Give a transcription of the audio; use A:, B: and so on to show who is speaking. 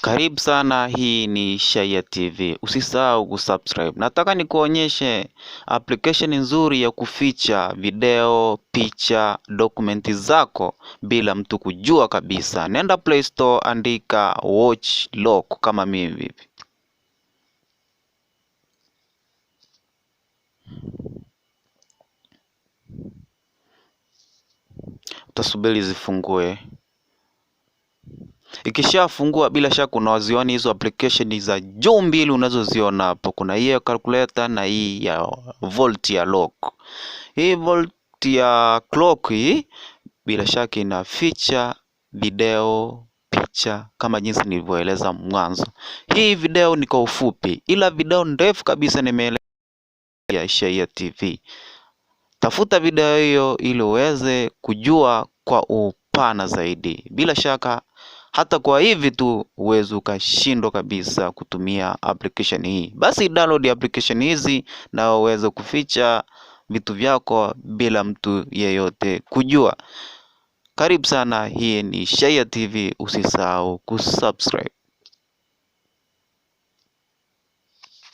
A: Karibu sana, hii ni Shayia TV. Usisahau kusubscribe. Nataka nikuonyeshe application nzuri ya kuficha video, picha, dokumenti zako bila mtu kujua kabisa. Nenda Play Store, andika watch lock kama mimi vipi. Utasubiri zifungue. Ikishafungua bila shaka unaziona hizo application za juu mbili unazoziona hapo. Kuna hii ya calculator na hii ya volt ya lock. Hii volt ya clock hii bila shaka ina feature video picha kama jinsi nilivyoeleza mwanzo. Hii video ni kwa ufupi, ila video ndefu kabisa nimeelezea ya Shayia TV. Tafuta video hiyo ili uweze kujua kwa upana zaidi. Bila shaka hata kwa hivi tu huwezi ukashindwa kabisa kutumia application hii. Basi download application hizi na uweze kuficha vitu vyako bila mtu yeyote kujua. Karibu sana, hii ni Shayia TV, usisahau kusubscribe.